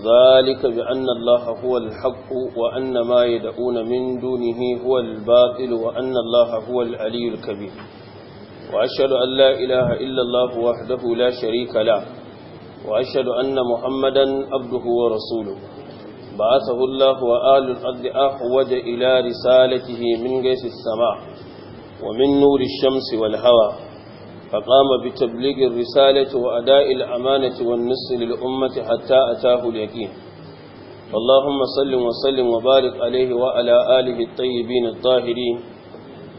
ذلك بأن الله هو الحق وأن ما يدعون من دونه هو الباطل وأن الله هو العلي الكبير وأشهد أن لا إله إلا الله وحده لا شريك له وأشهد أن محمدا عبده ورسوله بعثه الله وآل الأرض أحوج إلى رسالته من قيس السماء ومن نور الشمس والهواء فقام بتبليغ الرسالة وأداء الأمانة والنصر للأمة حتى أتاه اليقين اللهم صل وسلم وبارك عليه وعلى آله الطيبين الطاهرين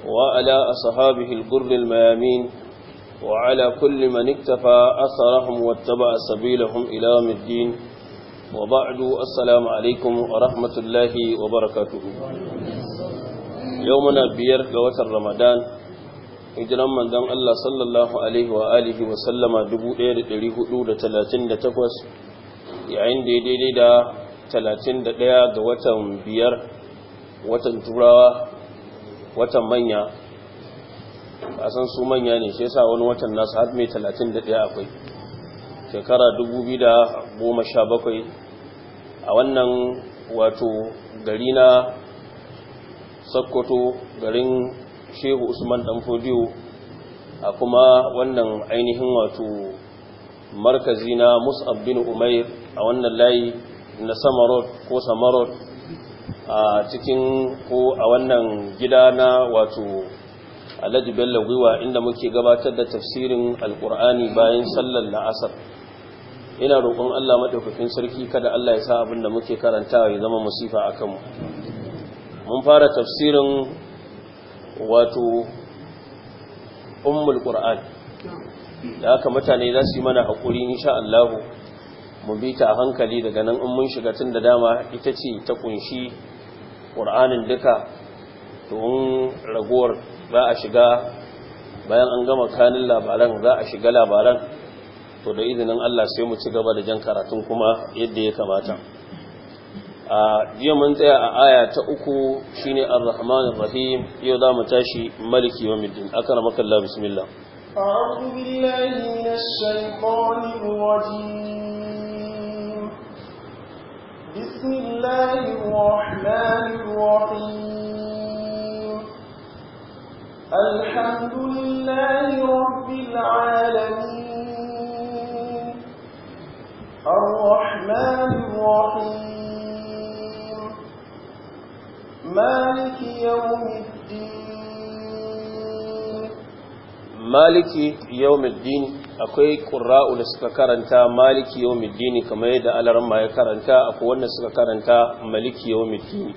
وعلى أصحابه القر الميامين وعلى كل من اكتفى أثرهم واتبع سبيلهم إلى يوم الدين وبعد السلام عليكم ورحمة الله وبركاته يومنا بيرك وتر رمضان hijiran manzon Allah sallallahu alaihi wa alihi wa sallama 1438 yayin da daidai da 31 ga watan biyar watan turawa watan manya a san su manya ne shi yasa wani watan nasu har mai 31 akwai shekara da sha bakwai a wannan wato gari na sokoto garin shehu usman dan a kuma wannan ainihin wato markazi na mus'ab bin umair a wannan layi na samarot ko samarot a cikin ko a wannan gida na wato alhaji bello gwiwa inda muke gabatar da tafsirin alkur'ani bayan sallar la'asar ina roƙon allah maɗaukakin sarki kada allah ya sa abin da muke karantawa ya zama musifa a kanmu mun fara tafsirin wato ummul qur'an da haka mutane za su yi mana haƙuri insha Allahu mu bi ta hankali daga nan in mun shiga tun da dama ita ce ta kunshi ƙur'anin duka to in ragowar za a shiga bayan an gama kanin labaran za a shiga labaran to da izinin Allah sai mu ci gaba da jan karatun kuma yadda ya kamata a jiya mun tsaya a aya ta uku shine ar-rahman ar-rahim yau za mu tashi maliki yawmiddin akramaka Allah bismillah a'udhu billahi minash shaitanir rajim bismillahir rahmanir rahim alhamdulillahi rabbil alamin الرحمن الرحيم مالك يوم الدين مالك يوم الدين akwai ƙura'u da suka karanta maliki yau middini kamar yadda alaran ya karanta akwai wanda suka karanta maliki yau middini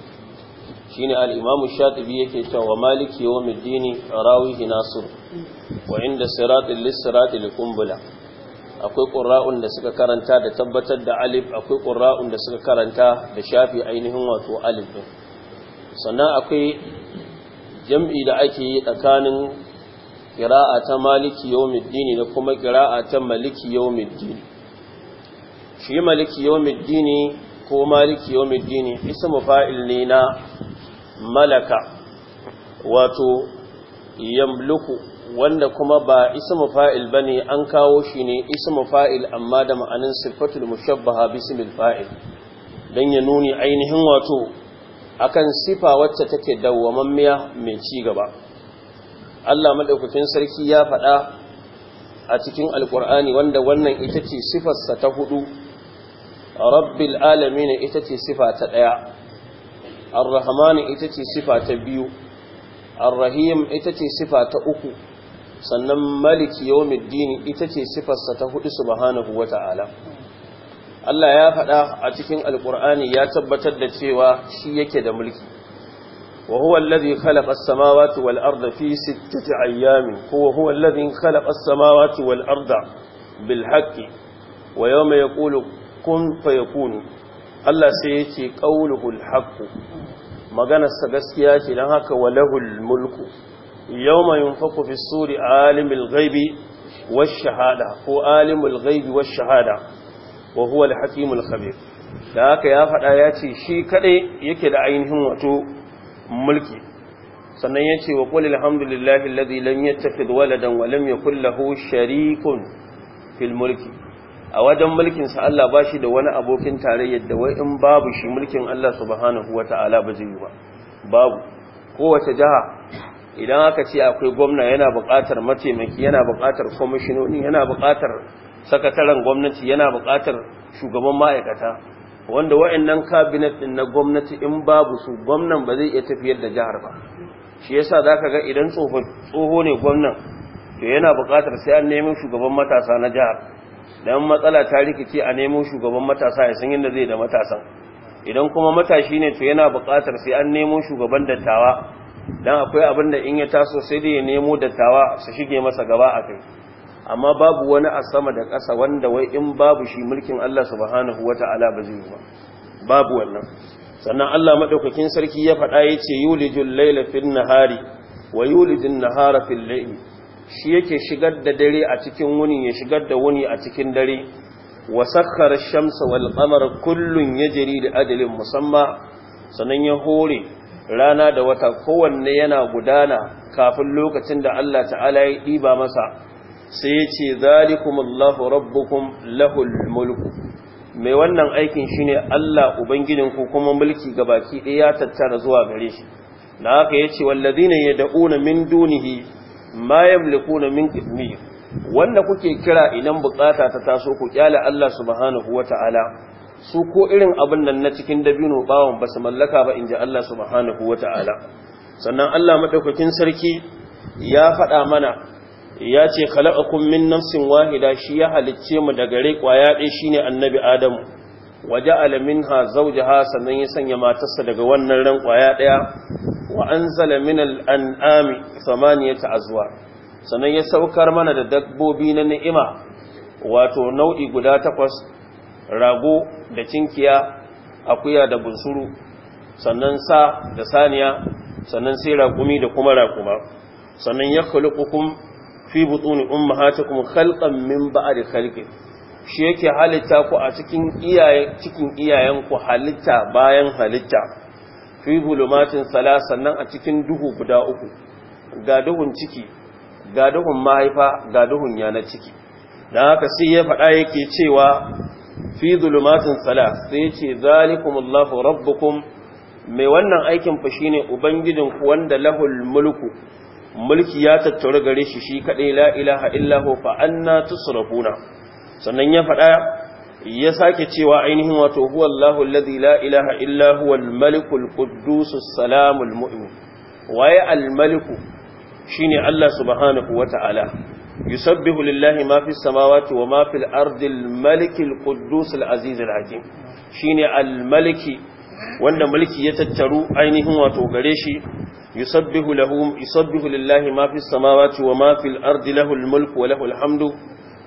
shi ne al'imamu shatibi yake cewa maliki yau middini rawihi nasiru. wa inda siratin lissiratin kumbula akwai ƙura'un da suka karanta da tabbatar da alif akwai ƙura'un da suka karanta da shafi ainihin wato alif ɗin sannan akwai jam'i da ake yi tsakanin ƙira'a ta maliki middini da kuma ƙira'a ta maliki middini shi maliki yau middini ko maliki yau isa ismu fa'il ne na malaka wato yamluku wanda kuma ba ismu fa'il bane an kawo shi ne ismu fa'il amma da ma'anin sifatul mushabbaha bismil fa'il dan ya nuni ainihin wato akan sifa wacce take dawwamammiya mai ci gaba Allah madaukakin sarki ya faɗa a cikin alkur'ani wanda wannan ita ce sifarsa ta hudu rabbil alamin ita ce sifa ta ɗaya arrahman ita ce sifa ta biyu arrahim ita ce sifa ta uku sannan maliki yawmiddin ita ce sifarsa ta hudu subhanahu wata'ala Allah ya faɗa a cikin Alƙur'ani ya tabbatar da cewa shi yake da mulki wa huwa alladhi khalaqa as-samawati wal arda fi sittati ayyamin huwa huwa alladhi khalaqa as-samawati wal arda bil haqqi wa yawma yaqulu kun fayakunu Allah sai yake qawluhul haqq maganarsa gaskiya ce don haka walahul mulku yawma yunfaku fi suri alimul ghaibi wash shahada ko alimul ghaibi wash shahada wa huwa al da haka ya faɗa ya ce shi kaɗai yake da ainihin wato mulki sannan ya ce wa ƙulil alhamdulillahi alladhi lam yattakhid waladan wa lam yakul lahu sharikun fil mulki a wajen mulkin sa Allah bashi da wani abokin tarayya da wai in babu shi mulkin Allah subhanahu wata'ala ba zai yi ba babu kowace jaha idan aka ce akwai gwamna yana buƙatar mataimaki yana buƙatar kwamishinoni yana buƙatar sakataren gwamnati yana buƙatar shugaban ma'aikata wanda wa'annan kabinet din na gwamnati in babu su gwamnan ba zai iya tafiyar da jihar ba shi yasa zaka ga idan tsoho ne gwamnan to yana buƙatar sai an nemi shugaban matasa na jihar dan matsala ta rikici a nemo shugaban matasa ya san yadda zai da matasan idan kuma matashi ne to yana buƙatar sai an nemo shugaban dattawa dan akwai abin da in ya taso sai dai ya nemo dattawa su shige masa gaba a kai amma babu wani a sama da ƙasa wanda wai in babu shi mulkin Allah subhanahu wata'ala ba zai ba babu wannan sannan Allah madaukakin sarki ya faɗa yace yulijul layla fil nahari wa yulijun nahara fil layl shi yake shigar da dare a cikin wuni ya shigar da wuni a cikin dare wa sakhkhara ash-shamsa wal qamara kullun yajri li ajalin musamma sannan ya hore rana da wata kowanne yana gudana kafin lokacin da Allah ta'ala ya ɗiba masa sai ya ce zalikumullahu rabbukum lahul mulku mai wannan aikin shine Allah ubangijin ku kuma mulki ga baki ɗaya ya tattara zuwa gare shi da haka yace wallazina yad'una min dunihi ma yamlikuna min qitmir wanda kuke kira idan bukata ta taso ku kyale Allah subhanahu wataala su ko irin abun nan na cikin dabino bawon basu mallaka ba inji Allah subhanahu wataala sannan Allah madaukakin sarki ya faɗa mana ya ce khalaqakum min nafsin wahida shi ya halicce mu daga rai kwaya ɗaya shine annabi adamu zau minha zawjaha sannan ya sanya matarsa daga wannan ran kwaya ɗaya wa anzala min al'ami anami azwa sannan ya saukar mana da dabbobi na ni'ima wato nau'i guda takwas rago da cinkiya akuya da bunsuru sannan sa da saniya sannan sai raƙumi da kuma raƙuma sannan ya khuluqukum fi butuni ummahatikum khalqan min ba'di khalqin shi yake halitta ku a cikin iyaye cikin iyayen halitta bayan halitta fi bulumatin salasan nan a cikin duhu guda uku ga duhun ciki ga duhun mahaifa ga duhun yana ciki dan haka sai ya faɗa yake cewa fi zulumatin salas sai ya ce zalikumullahu rabbukum mai wannan aikin fa shine ubangijin ku wanda lahul mulku mulki ya tattaura gare shi shi kaɗai la ilaha illahu fa anna tusrafuna sannan ya faɗa ya sake cewa ainihin wato huwallahu, Allahu alladhi la ilaha illa huwa al salamul waye al-maliku ne Allah subhanahu wata'ala yusabbihu lillahi ma fis samawati wa ma fil ardi al-malikil quddus al al-hakim shine al-maliki wanda mulki ya tattaru ainihin wato gare shi يسبح له يسبح لله ما في السماوات وما في الأرض له الملك وله الحمد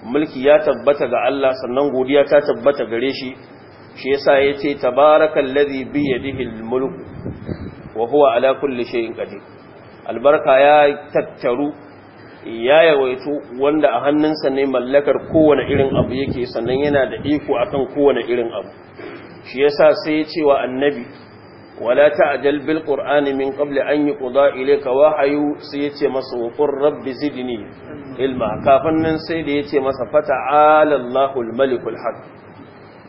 mulki ya tabbata ga Allah sannan godiya ta tabbata gare shi shi yasa yace tabarakal ladhi bi yadihi almulk wa huwa ala kulli shay'in qadir albarka ya tattaru ya yawaitu wanda a hannunsa ne mallakar kowane irin abu yake sannan yana da iko akan kowane irin abu shi yasa sai ya wa annabi wala ta'jal bil qur'ani min qabli an yuqda ilayka wahyu sai yace masa wa rabbi zidni ilma kafin nan sai da yace masa fata'ala Allahul malikul haq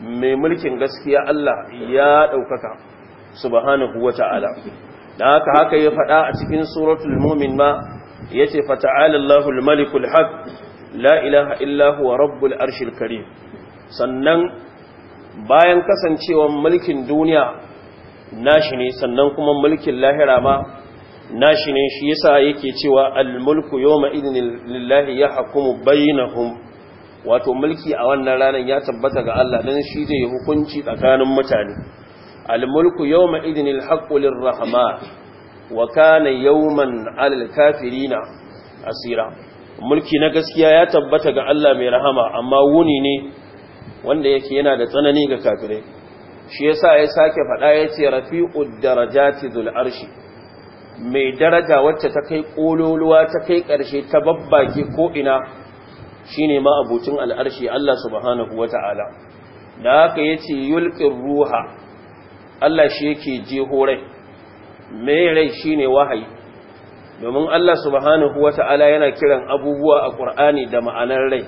mai mulkin gaskiya Allah ya ɗaukaka subhanahu wata'ala dan haka haka ya faɗa a cikin suratul mu'min ma yace fata'ala Allahul malikul haq la ilaha illa huwa rabbul arshil karim sannan bayan kasancewan mulkin duniya nashi ne sannan kuma mulkin lahira ma nashi ne shi yasa yake cewa al-mulku yawma idhin lillahi yahkumu bainahum wato mulki a wannan ranar ya tabbata ga Allah dan shi zai hukunci tsakanin mutane al-mulku yawma idhin al-haqqu lir wa kana yawman al kafirina asira mulki na gaskiya ya tabbata ga Allah mai rahama amma wuni ne wanda yake yana da tsanani ga kafirai shi yasa ya sake faɗa ya ce rafi'ud darajati zul arshi mai daraja wacce ta kai kololuwa ta kai ƙarshe ta babbake ko ina shine ma abucin al'arshi Allah subhanahu wata'ala da haka yace yulqir ruha Allah shi yake jeho rai mai rai shine wahayi domin Allah subhanahu wata'ala yana kiran abubuwa a Qur'ani da ma'anar rai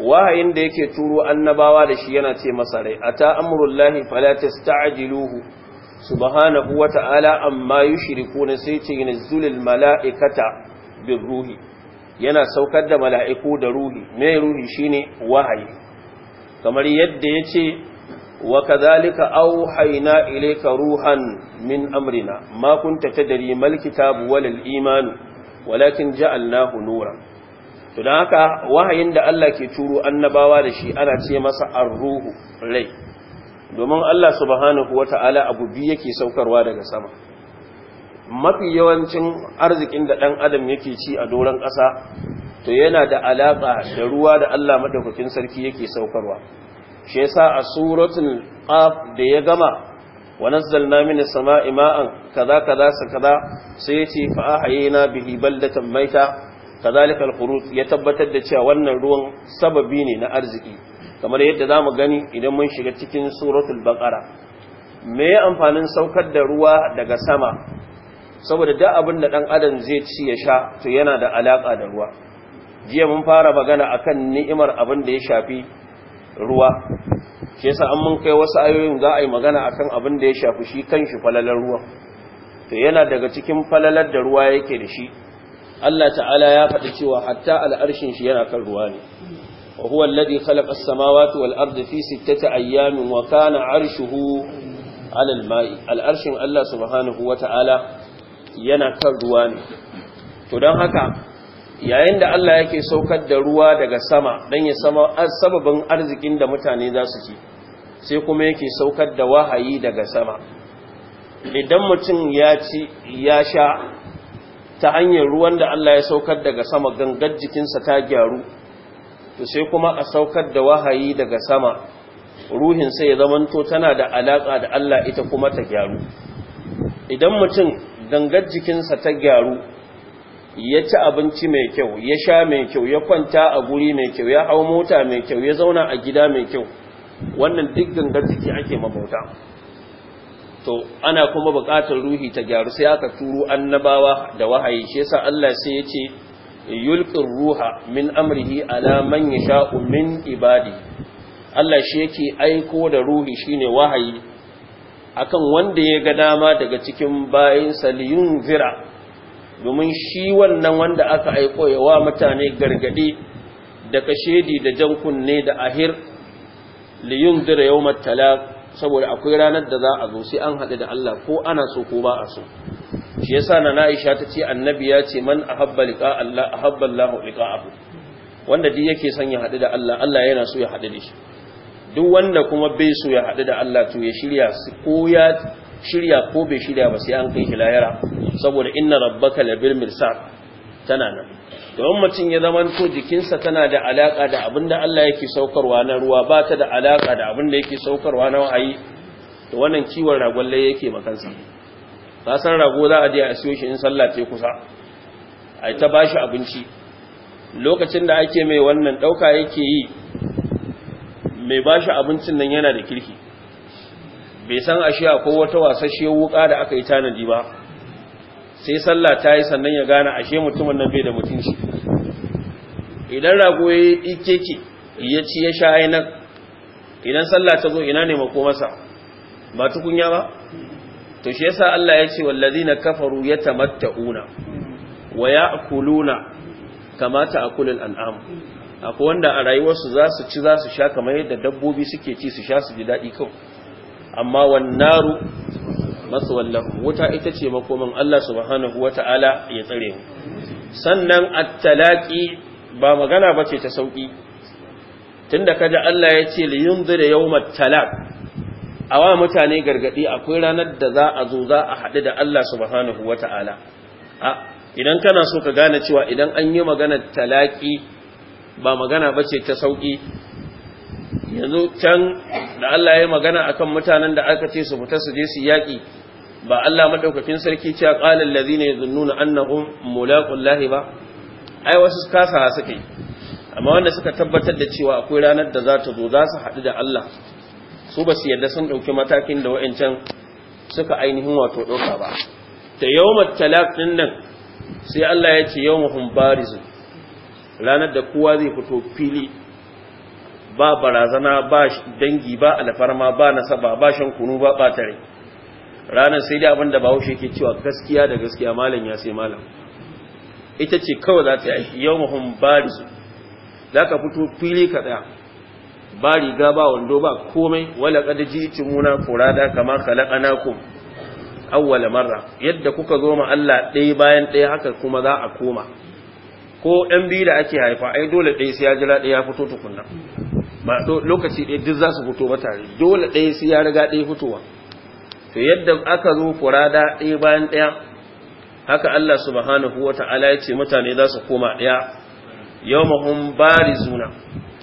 wahayin da yake turo annabawa da shi yana ce masa rai a ata amrullahi fala tasta'jiluhu subhanahu wa ta'ala amma na sai ce zulil mala'ikata bin ruhi, yana saukar da mala'iku da ruhi mai ruhi shine wahayi kamar yadda ya ce wa ka zalika haina ile ka ruhan min amrina makunta ta dari malkita buwalil imanu walakin walakin na hunura. to don haka wahayin da Allah ke turo annabawa da shi ana ce masa ar-ruhu rai domin Allah subhanahu wata'ala abu biyu yake saukarwa daga sama mafi yawancin arzikin da ɗan adam yake ci a doron ƙasa to yana da alaƙa da ruwa da Allah madaukakin sarki yake saukarwa shi yasa a suratul qaf da ya gama wa nazzalna minas sama'i ma'an kaza kaza kaza sai yace fa ahayna bihi baldatan maita kazalikal khuruj ya tabbatar da cewa wannan ruwan sababi ne na arziki kamar yadda zamu gani idan mun shiga cikin suratul baqara me ya amfanin saukar da ruwa daga sama saboda duk abin da dan adam zai ci ya sha to yana da alaka da ruwa jiya mun fara magana akan ni'imar abin da ya shafi ruwa shi yasa an mun kai wasu ayoyin za a yi magana akan abin da ya shafi shi kanshi falalar ruwa to yana daga cikin falalar da ruwa yake da shi Allah ta'ala ya faɗi cewa hatta al'arshin shi yana kan ruwa ne wa huwa alladhi khalaqa as-samawati wal arda ta ayyamin wa kana 'arshuhu 'ala mai al'arshin Allah subhanahu wa ta'ala yana kan ruwa ne to don haka yayin da Allah yake saukar da ruwa daga sama dan ya sama sababin arzikin da mutane za su ci sai kuma yake saukar da wahayi daga sama idan mutum ya ci ya sha ta hanyar ruwan da Allah ya saukar daga sama gangar jikinsa ta gyaru to sai kuma a saukar da wahayi daga sama ruhinsa sai ya zamanto tana da alaƙa da Allah ita kuma ta gyaru idan mutum gangar jikinsa ta gyaru ya ci abinci mai kyau ya sha mai kyau ya kwanta a guri mai kyau ya hau mota mai kyau ya zauna a gida mai kyau wannan duk gangar jiki ake mabauta to ana kuma buƙatar ruhi ta gyaru sai aka turo annabawa da wahayi shi yasa Allah sai ya ce yulqir ruha min amrihi ala man yasha'u min ibadi Allah shi yake aiko da ruhi shine wahayi akan wanda ya ga dama daga cikin bayin saliyun zira domin shi wannan wanda aka aiko ya wa mutane gargadi da kashedi da jan kunne da ahir liyun zira yawmat talaq saboda akwai ranar da za a zo sai an haɗu da Allah ko ana so ko ba a so shi yasa na Aisha ta ce annabi ya ce man ahabba liqa Allah ahabba Allah abu. wanda duk yake son ya haɗu da Allah Allah yana so ya haɗu da shi duk wanda kuma bai so ya haɗu da Allah to ya shirya ko ya shirya ko bai shirya ba sai an kai shi layara saboda inna rabbaka labil mirsad tana nan don mutum ya zama to jikinsa tana da alaka da abin da Allah yake saukarwa na ruwa ba ta da alaka da abin da yake saukarwa na wa'ayi to wannan kiwon ragon lai yake makansa ka san rago za a je a siyo shi in sallah ce kusa a ta shi abinci lokacin da ake mai wannan ɗauka yake yi mai ba shi abincin nan yana da kirki bai san ashe akwai wata wasashe wuka da aka yi tanadi ba sai sallah ta yi sannan ya gane ashe mutumin nan bai da mutunci idan rago ya yi keke ya ci ya sha ainihin idan sallah ta zo ina ne mako masa ba tukunya ba to shi yasa Allah ya ce na kafaru yatamatta'una wa kamata kama ta'kulul an'am akwai wanda a rayuwarsu za su ci za su sha kamar yadda dabbobi suke ci su sha su ji daɗi kawai amma naru maswallahu wuta ita ce makomin Allah subhanahu Ta'ala ya tsare mu sannan at-talaqi ba magana bace ta sauki tunda kada Allah ya ce li yunzira yawmat talaq awa mutane gargadi akwai ranar da za a zo za a haɗu da Allah subhanahu Ta'ala. a idan kana so ka gane cewa idan an yi magana talaki ba magana bace ta sauki yanzu can da Allah ya magana akan mutanen da aka ce su fita su je su yaƙi ba Allah madaukakin sarki cewa qalal ladina yadhunnuna annahum mulaqullahi ba ai wasu kasa suka yi amma wanda suka tabbatar da cewa akwai ranar da za ta zo za su haɗu da Allah su ba su yadda sun ɗauki matakin da wa'ancan suka ainihin wato ɗauka ba da yawmat talaq din nan sai Allah ya ce yawmuhum barizun ranar da kowa zai fito fili ba barazana ba dangi ba alfarma ba nasaba ba shan kunu ba batare ranar sai dai abin da bahaushe ke cewa gaskiya da gaskiya malam ya sai malam ita ce kawai za ta yi aiki yau bari su, za ka fito fili ka ɗaya ba riga ba wando ba komai wala kada ji ci muna da, kama na ku awwala marra yadda kuka zo ma Allah ɗaya bayan ɗaya haka kuma za a koma ko ɗan biyu da ake haifa ai dole ɗaya sai ya jira ɗaya ya fito tukunna ba lokaci ɗaya duk za su fito ba tare dole ɗaya sai ya riga ɗaya fitowa to yadda aka zo furada ɗaya bayan ɗaya haka Allah subhanahu wa ta'ala ya ce mutane za su koma ɗaya yau mahun zuna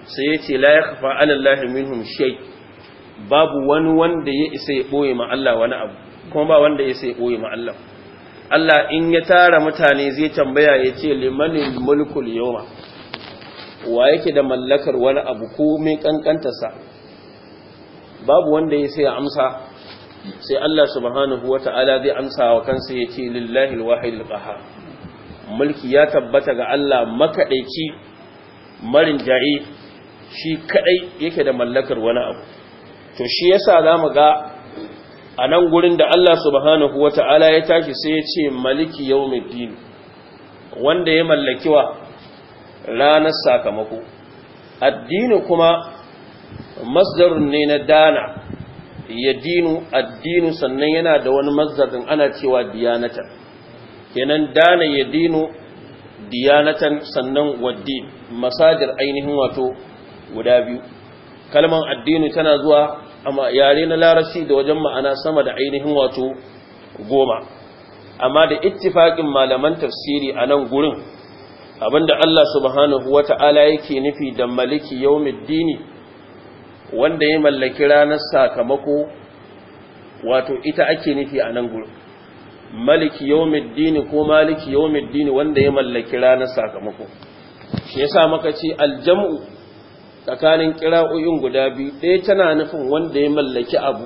sai ya ce laye kafa alallahi minhum shai babu wani wanda ya isa ya ɓoye ma wani abu kuma ba wanda ya isa ya ɓoye ma Allah in ya tara mutane zai tambaya ya ce limanin mulkul Yoma. wa yake da mallakar wani abu ko mai kankantarsa babu wanda ya sai ya amsa sai Allah subhanahu ta'ala zai amsa wa kansa ya ce lillahi alwahid ƙaha mulki ya tabbata ga Allah makaɗaici marin ja'i shi kaɗai yake da mallakar wani abu to shi yasa mu ga a nan gurin da Allah subhanahu ta'ala ya tashi sai ya ce maliki yawmiddin wanda ya mallaki wa ranar sakamako addini kuma masdarun ne na dana Yadinu, dinu addinu sannan yana da wani mazzabin ana cewa diyanatan kenan dana Yadinu, diyanatan sannan waddi masajir ainihin wato guda biyu kalman addinu tana zuwa amma yare na larasi da wajen ma'ana sama da ainihin wato goma amma da ittifaƙin malaman tafsiri a nan gurin abinda Allah subhanahu wata'ala yake nufi da maliki yawmiddini wanda ya mallaki ranar sakamako wato ita ake nufi a nan gudu maliki yau middini ko maliki yau middini wanda ya mallaki ranar sakamako shi sa maka ce aljam'u tsakanin kira'o'in guda biyu ɗaya tana nufin wanda ya mallaki abu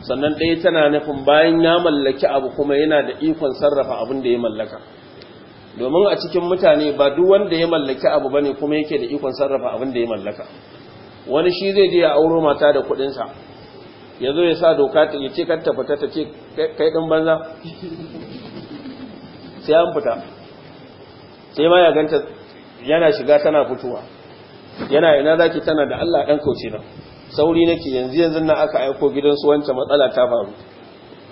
sannan ɗaya tana nufin bayan ya mallaki abu kuma yana da ikon sarrafa abin da ya mallaka domin a cikin mutane ba duk wanda ya mallaki abu ba ne kuma yake da ikon sarrafa abin da ya mallaka wani shi zai je ya auro mata da kuɗinsa ya zo ya sa doka ta ya ce kan ta fita ta ce kai ɗin banza sai an fita sai ma ya ganta yana shiga tana fitowa yana ina zaki tana da Allah ɗan kauce na sauri nake yanzu yanzu na aka aiko su wancan matsala ta faru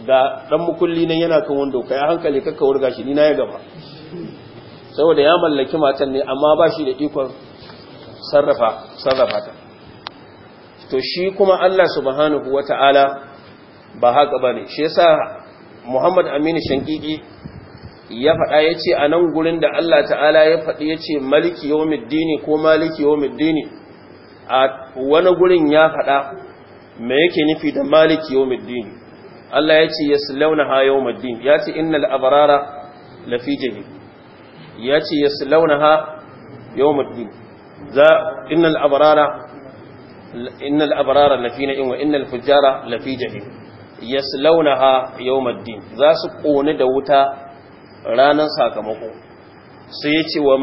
da ɗan mukulli nan yana kan wando kai hankali kakka wurga shi ni na ya gaba saboda ya mallaki matan ne amma ba shi da ikon sarrafa sarrafa ta to shi kuma Allah subhanahu wata'ala ba haka bane shi yasa Muhammad Aminu Shankiki ya faɗa ya ce a nan gurin da Allah ta'ala ya faɗi ya ce maliki yawmiddini ko maliki yawmiddini a wani gurin ya faɗa me yake nufi da maliki yawmiddini Allah ya ce yaslaunaha yawmiddin ya ce innal abrara lafi jahim ya ce yaslaunaha yawmiddin za innal abrara innal abrara lafi na'im wa innal fujjara lafi jahim yaslaunaha yawmaddin za su kone da wuta ranan sakamako sai ya ce wa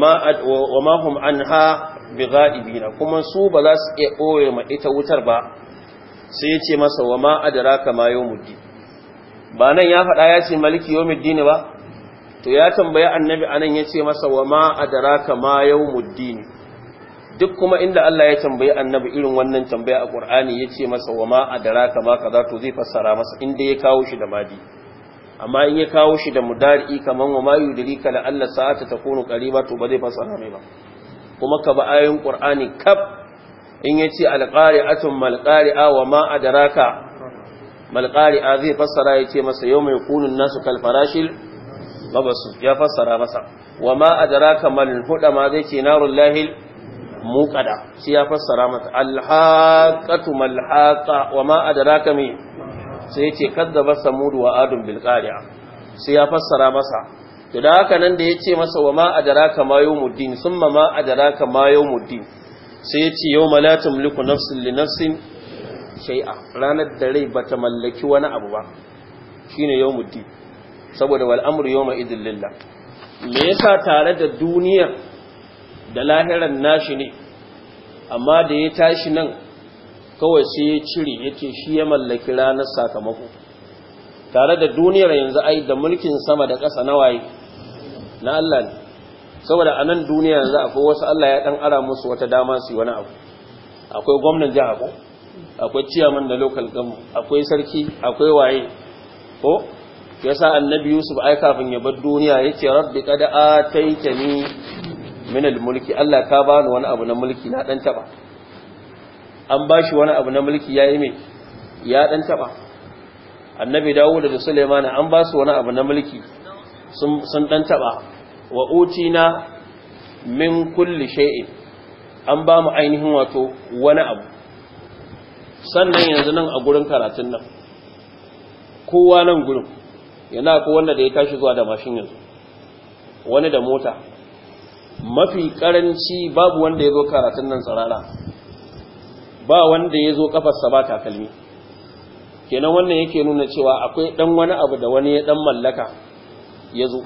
ma hum anha bigha'ibina kuma su ba za su iya boye ma ita wutar ba sai ya ce masa wa ma adraka ma yawmuddin ba nan ya faɗa ya ce maliki yawmuddin ba to ya tambaya annabi anan ya ce masa wa ma adraka ma yawmuddin duk kuma inda Allah ya tambayi annabi irin wannan tambaya a Qur'ani ya ce masa wa ma adraka ma kaza to zai fassara masa inda ya kawo shi da madi amma in ya kawo shi da mudari kaman wa ma yudrika la alla sa'ata takunu qariba to ba zai fassara mai ba kuma ka ba ayoyin Qur'ani kaf in ya ce alqari'atun malqari'a wa ma adraka malqari'a zai fassara ya ce masa yau mai kunun nasu kal farashil babasu ya fassara masa wa ma adraka mal hudama zai ce narul lahil muqada shi ya fassara mata alhaqatu malhaqa wa ma adraka mi sai yace kaddaba samud wa adun bil qari'a ya fassara masa to da haka nan da yace masa wa ma adraka ma yawmuddin summa ma adraka ma yawmuddin sai yace yawma la tamliku nafsin li nafsin shay'a ranar da rai ba ta mallaki wani abu ba shine yawmuddin saboda wal amru yawma idin lillah me yasa tare da duniyar da lahiran nashi ne amma da ya tashi nan kawai sai ya cire ya ce shi ya mallaki ranar sakamako tare da duniyar yanzu ai da mulkin sama da ƙasa na waye na Allah ne saboda a nan duniya yanzu akwai wasu Allah ya ɗan ara musu wata dama su yi wani abu akwai gwamnan jiha ko akwai ciyaman da local gamu, akwai sarki akwai waye ko yasa annabi yusuf ai kafin ya bar duniya yake rabbi qad ataitani min mulki Allah ka bani wani abu na mulki na dan taba an bashi wani abu na mulki yayi me ya dan taba annabi Dawud da Sulaiman an ba su wani abu na mulki sun sun dan taba wa utina min kulli shay'in an ba mu ainihin wato wani abu sannan yanzu nan a gurin karatun nan kowa nan gurin yana ko wanda da ya tashi zuwa da mashin yanzu wani da mota mafi karanci babu wanda ya zo karatun nan tsarara ba wanda ya zo kafarsa ba takalmi kenan wannan yake nuna cewa akwai dan wani abu da wani ya dan mallaka ya zo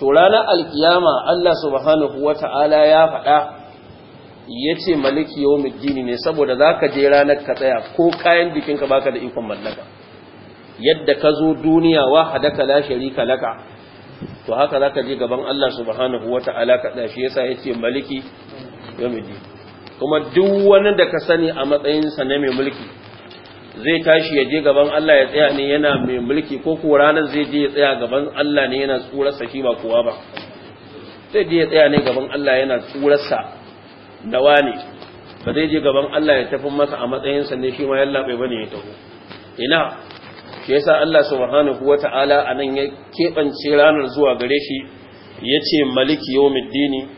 to ranar alkiyama Allah subhanahu wata'ala ya faɗa ya ce maliki yau ne saboda za ka je ranar ka tsaya ko kayan jikinka baka da ikon mallaka yadda ka zo duniya wa hadaka la sharika laka to haka zaka je gaban Allah subhanahu wata'ala ka dashi yasa yace maliki yawmiddin kuma duk wani da ka sani a matsayin sa na mai mulki zai tashi ya je gaban Allah ya tsaya ne yana mai mulki ko ko ranar zai je ya tsaya gaban Allah ne yana tsurarsa shi ba kowa ba zai je ya tsaya ne gaban Allah yana tsurarsa nawa ne ba zai je gaban Allah ya tafi masa a matsayin sa ne shi ma yalla bai bane ya taho ina shi yasa Allah subhanahu wata'ala nan ya kebance ranar zuwa gare shi yace maliki yawmiddini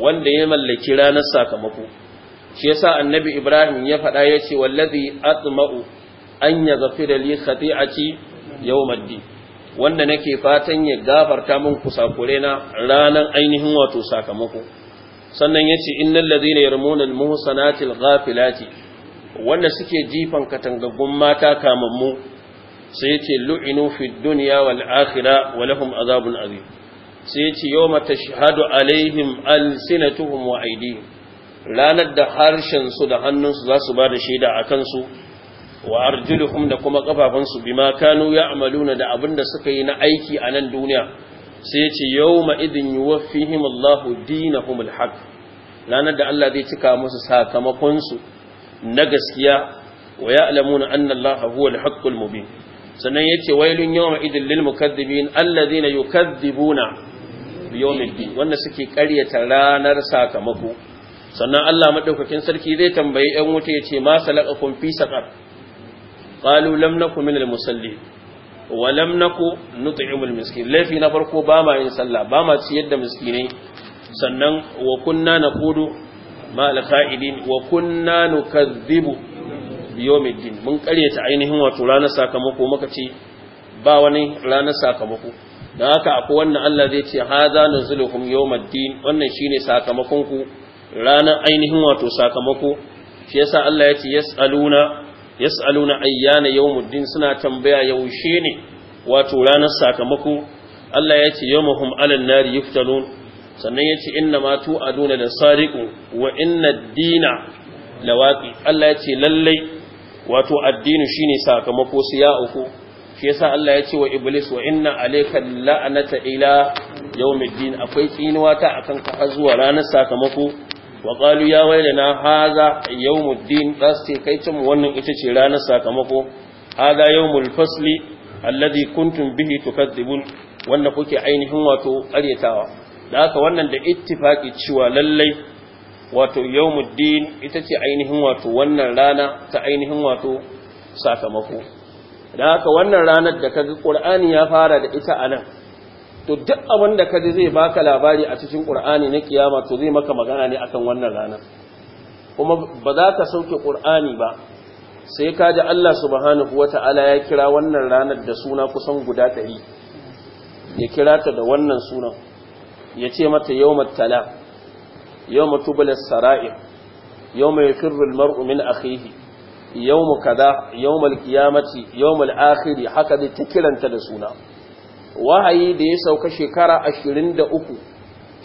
wanda ya mallaki ranar sakamako shi yasa annabi Ibrahim ya faɗa yace wallazi atma'u an yaghfira li khati'ati yawmiddin wanda nake fatan ya gafarta min kusakurena na ranar ainihin wato sakamako sannan yace innal ladina yarmuna al-muhsanati al-ghafilati wanda suke jifan katangagun mata kamammu sai ce lu'inu fi duniya wal akhira wa lahum azabun azim sai ya ce yawma tashhadu alaihim alsinatuhum wa aydihim ranar da harshen su da hannunsu za su ba da shaida a kansu wa arjuluhum da kuma kafafunsu bima kanu ya'maluna da abin da suka yi na aiki a nan duniya sai ya ce yawma idin yuwaffihim Allahu dinahum alhaq ranar da Allah zai cika musu sakamakonsu na gaskiya wa ya'lamuna anna Allah huwa alhaqqul mubin sannan yace wailun yawma idil lil mukaththibin alladhina yukaththibuna na yawmiddin wanda suke karyata ranar sakamako sannan Allah maɗaukakin sarki zai tambayi 'yan wuta yace ma salakakum fi saƙar?' qalu lamnaku min minal wa lamnaku naku nut'imul miskin Laifi na farko ba ma yin sallah ba ma ciyar da miskinai sannan wa kunna naqudu ma al-qa'idin wa kunna nukazzibu yawmiddin mun karyata ainihin wato ranar sakamako muka ce ba wani ranar sakamako dan haka akwai wannan Allah zai ce hadha nuzuluhum yawmiddin wannan shine sakamakon ku ranar ainihin wato sakamako shi yasa Allah ya ce yas'aluna yas'aluna ayyana yawmuddin suna tambaya yaushe ne wato ranar sakamako Allah ya ce yawmuhum 'alan nari yuftalun sannan ya ce inna ma tu'aduna da sariqu wa inna ad-dina lawaqi Allah ya ce lallai wato addini ne sakamako su ya uku shi yasa Allah ya ce wa iblis wa inna alayka la'anata ila yawmiddin akwai tsinuwa ta akan ka har zuwa ranar sakamako wa qalu ya haza hadha yawmuddin dace kai tun wannan ita ce ranar sakamako hadha yawmul fasli alladhi kuntum bihi tukadzibun Wannan kuke ainihin wato karyatawa da haka wannan da ittifaki cewa lallai wato yawmuddin ita ce ainihin wato wannan rana ta ainihin wato sakamako da haka wannan ranar da kaga qur'ani ya fara da ita anan to duk abin da kaji zai baka labari a cikin qur'ani na kiyama to zai maka magana ne akan wannan rana. kuma ba za ka sauke qur'ani ba sai ka ji Allah subhanahu wata'ala ya kira wannan ranar da suna kusan guda ɗari ya kira ta da wannan sunan ya ce mata yawmat talaq yau matubal sara'i yau mai firrul mar'u min akhihi yau mu kada yau mal yau mal akhiri haka da ta kiranta da suna wahayi da ya sauka shekara ashirin da uku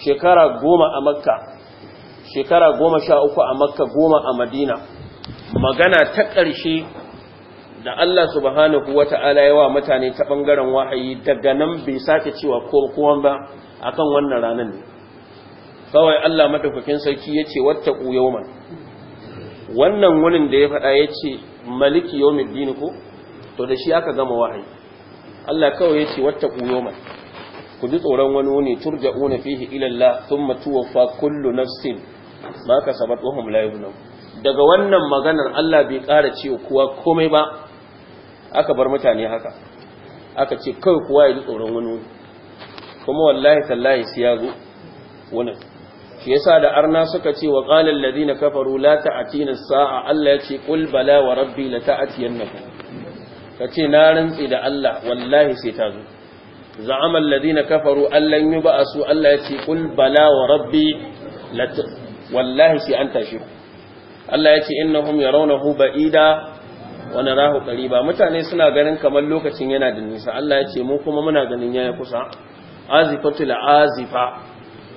shekara goma a makka shekara goma sha uku a makka goma a madina magana ta ƙarshe da Allah subhanahu wa yawa mutane ta ɓangaren wahayi daga nan bai sake cewa kowan ba akan wannan ranar ne kawai Allah madaukakin sarki ya "Wata ƙuyo yawman wannan wunin da ya faɗa ya ce, maliki dini ko to da shi aka gama wahayi Allah kawai ya "Wata ƙuyo yawman ku ji tsoron wani wuni tur da fi fihi ilalla sun matuwa fa kullu sin. ma kasabat wa hum layu. yuzlamun daga wannan maganar Allah bai ƙara cewa kuwa komai ba aka bar mutane haka aka ce kawai kuwa ya ji tsoron wani wuni kuma wallahi tallahi sai ya zo wannan shi yasa da arna suka ce wa qala alladhina kafaru la ta'tina sa'a Allah yace qul bala wa rabbi la ta'tiyannakum kace na rantsi da Allah wallahi sai ta zo za'ama alladhina kafaru allan yub'asu Allah yace qul bala wa rabbi la wallahi sai an tashi Allah yace innahum yarawnahu ba'ida wa narahu qariba mutane suna ganin kamar lokacin yana da nisa Allah yace mu kuma muna ganin yayi kusa azifatul azifa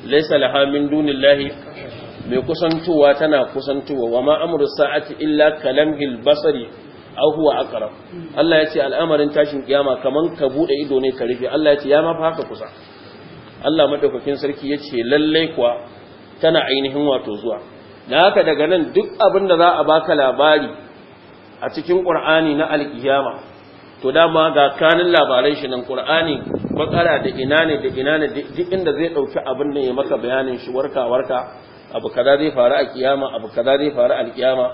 laysa laha min dunillahi mai kusantowa tana kusantowa wa ma amru sa'ati illa kalamhil basari aw huwa aqrab Allah ya al'amarin tashin kiyama kaman ka bude ido ne ka rufe Allah ya ya ma fa haka kusa Allah madaukakin sarki yace ce lalle kuwa tana ainihin wato zuwa dan haka daga nan duk abin da za a baka labari a cikin Qur'ani na al al-qiyama to dama ga kanin labaran shi nan Qur'ani bakara da ina ne da ina ne duk inda zai dauki abin nan ya maka bayanin shi warka warka abu kaza zai faru a kiyama abu kaza zai faru a kiyama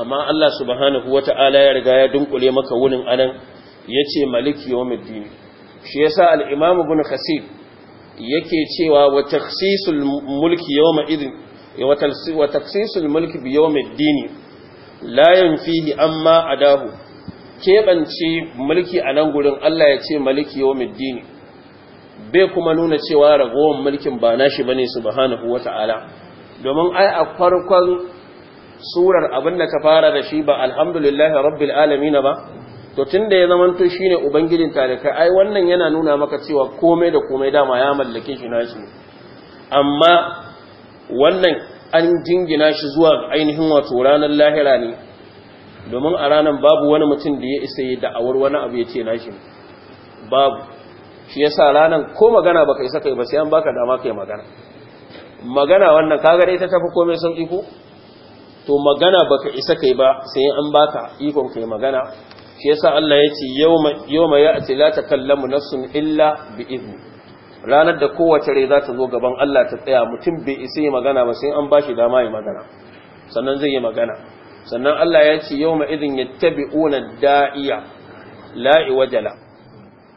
amma Allah subhanahu wata'ala ya riga ya dunkule maka wunin anan yace maliki yawmiddin shi yasa al-imam ibn khasib yake cewa wa takhsisul mulki yawma idin wa takhsisul mulki bi yawmiddin la yanfihi amma adahu keɓance mulki a nan gurin Allah ya ce maliki yau middini bai kuma nuna cewa ragowar mulkin ba nashi bane subhanahu wata'ala domin ai a farkon surar abinda da ka fara da shi ba alhamdulillahi rabbil alamin ba to tunda ya zamanto shine ubangijin kai ai wannan yana nuna maka cewa komai da komai dama ya mallake shi nashi amma wannan an jingina shi zuwa ainihin wato ranar lahira ne domin a ranar babu wani mutum da ya isa yi da'awar wani abu ya ce nashi babu shi sa ranar ko magana baka isa kai ba sai an baka dama kai magana magana wannan kaga dai ta tafi komai sun ko to magana baka isa kai ba sai an baka ikon kai magana shi ya sa Allah ya ce yawma ya ati la takallamu nafsun illa bi ranar da kowace rai za ta zo gaban Allah ta tsaya mutum bai isa yi magana ba sai an bashi dama yi magana sannan zai yi magana sannan Allah ya ce yau ma'izin ya tabi una da'iya la'i wajala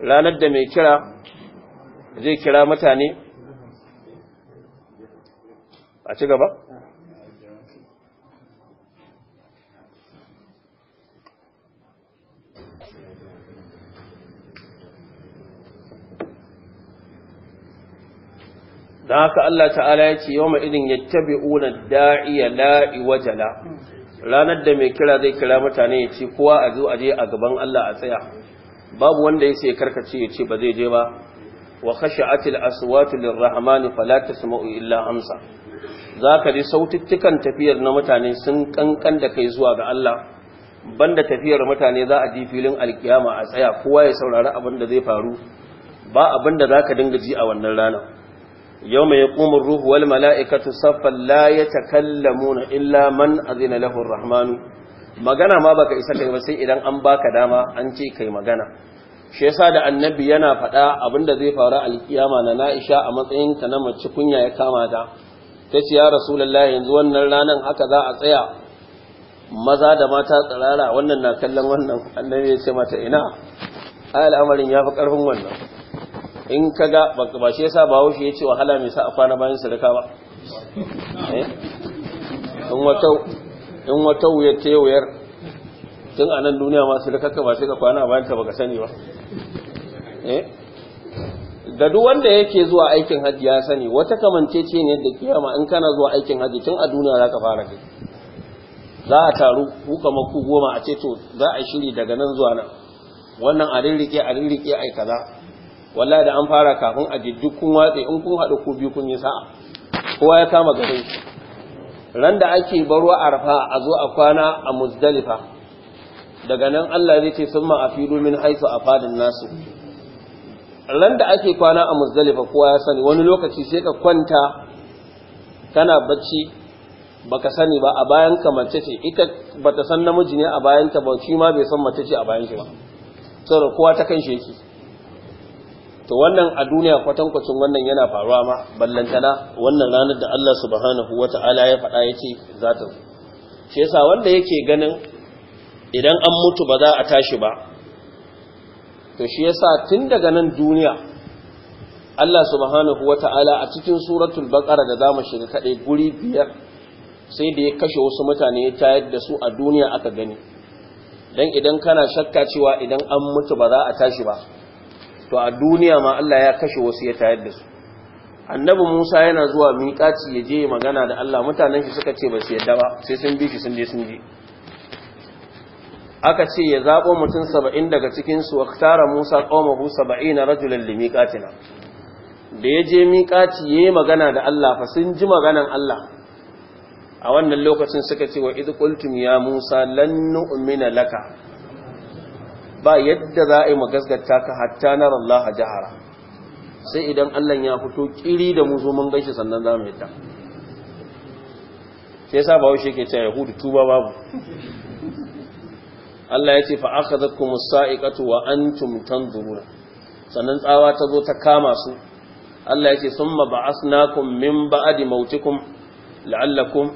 ranar da mai kira zai kira mutane a ci gaba da haka Allah ta'ala ya ce yau ma'izin ya tabi una da'iya la'i wajala ranar da mai kira zai kira mutane ya ce kowa a zo a je a gaban Allah a tsaya babu wanda ya sai karkace ya ce ba zai je ba wa khashi'atil aswatu lirrahman fala tasma'u illa hamsa zaka ji sautittukan tafiyar na mutane sun kankan da kai zuwa ga Allah banda tafiyar mutane za a ji filin alkiyama a tsaya kowa ya saurari abin da zai faru ba abin da zaka dinga ji a wannan ranar يوم يقوم الروح والملائكة صفا لا يتكلمون إلا من أذن له الرحمن magana ma baka isa kai ba sai idan an baka dama an ce kai magana shi yasa da annabi yana faɗa abinda zai faru alkiyama na Na'isha a matsayin ta na mace kunya ya kama ta tace ya rasulullahi yanzu wannan ranan haka za a tsaya maza da mata tsirara wannan na kallon wannan annabi ya ce mata ina ai al'amarin ya fi ƙarfin wannan in ka ga ba shi yasa ba haushe ya ce wahala mai sa a kwana bayan sadaka ba eh? in wata wuyar ta yi wuyar tun a nan duniya ma sadaka ka ba sai ka kwana bayan ta ka sani ba eh? da duk wanda yake zuwa aikin hajji ya sani wata ce ne da kiyama in kana zuwa aikin hajji tun a duniya za ka fara kai za a taru kuka maku goma a ce to za a shiri daga nan zuwa nan wannan a rirrike a rirrike a kaza wallahi da an fara kafin a ji kun in kun haɗu ko biyu kun yi sa'a kowa ya kama garin ran da ake baro arfa a zo a kwana a muzdalifa daga nan Allah zai ce summa afidu min haisu afadin nasu ran da ake kwana a muzdalifa kowa ya sani wani lokaci sai ka kwanta kana bacci baka sani ba a bayan ka mace ce ita bata san namiji ne a bayan ta ba shi ma bai san mace ce a bayan shi ba saboda kowa ta kan shi to wannan a duniya kwatankwacin wannan yana faruwa ma ballantana wannan ranar da Allah subhanahu wata'ala ya faɗa ya ce za ta zo shi yasa wanda yake ganin idan an mutu ba za a tashi ba to shi yasa tun daga nan duniya Allah subhanahu ta'ala a cikin suratul baqara da zamu shiga kaɗai guri biyar sai da ya kashe wasu mutane ya tayar da su a duniya aka gani dan idan kana shakka cewa idan an mutu ba za a tashi ba to a duniya ma Allah ya kashe wasu ya tayar da su annabi Musa yana zuwa miƙaci ya je magana da Allah mutanen shi suka ce ba su yadda ba sai sun bi shi sun je sun je aka ce ya zaɓo mutum saba'in daga cikin su waktara Musa qaumahu saba'ina rajulan li miqatina da ya je miƙaci ya yi magana da Allah fa sun ji maganan Allah a wannan lokacin suka ce wa idh qultum ya Musa lan nu'mina laka ba yadda za a yi magasgata ka hatta na Allah jahara sai idan Allah ya fito kiri da mu zo mun gaishe sannan za mu yi ta sai sa bawo shi ke cewa yahudu tuba babu Allah ya ce fa akhadhakum kuma saiqatu wa antum tanzuruna sannan tsawa ta zo ta kama su Allah ya ce summa ba'asnakum min ba'di mautikum la'allakum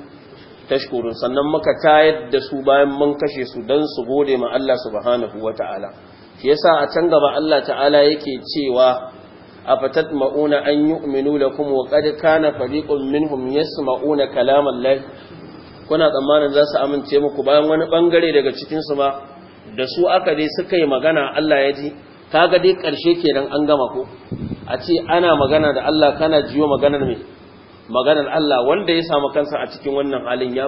tashkurun sannan muka tayar da su bayan mun kashe su dan su gode ma Allah subhanahu wata'ala shi yasa a can gaba Allah ta'ala yake cewa A afatat mauna an yu'minu lakum wa qad kana fariqun minhum yasma'una kalamallahi kuna tsammanin za su amince muku bayan wani bangare daga cikin su ma da su aka dai suka yi magana Allah ya ji kaga dai karshe kenan an gama ko a ce ana magana da Allah kana jiyo maganar me maganar Allah wanda ya samu kansa a cikin wannan halin ya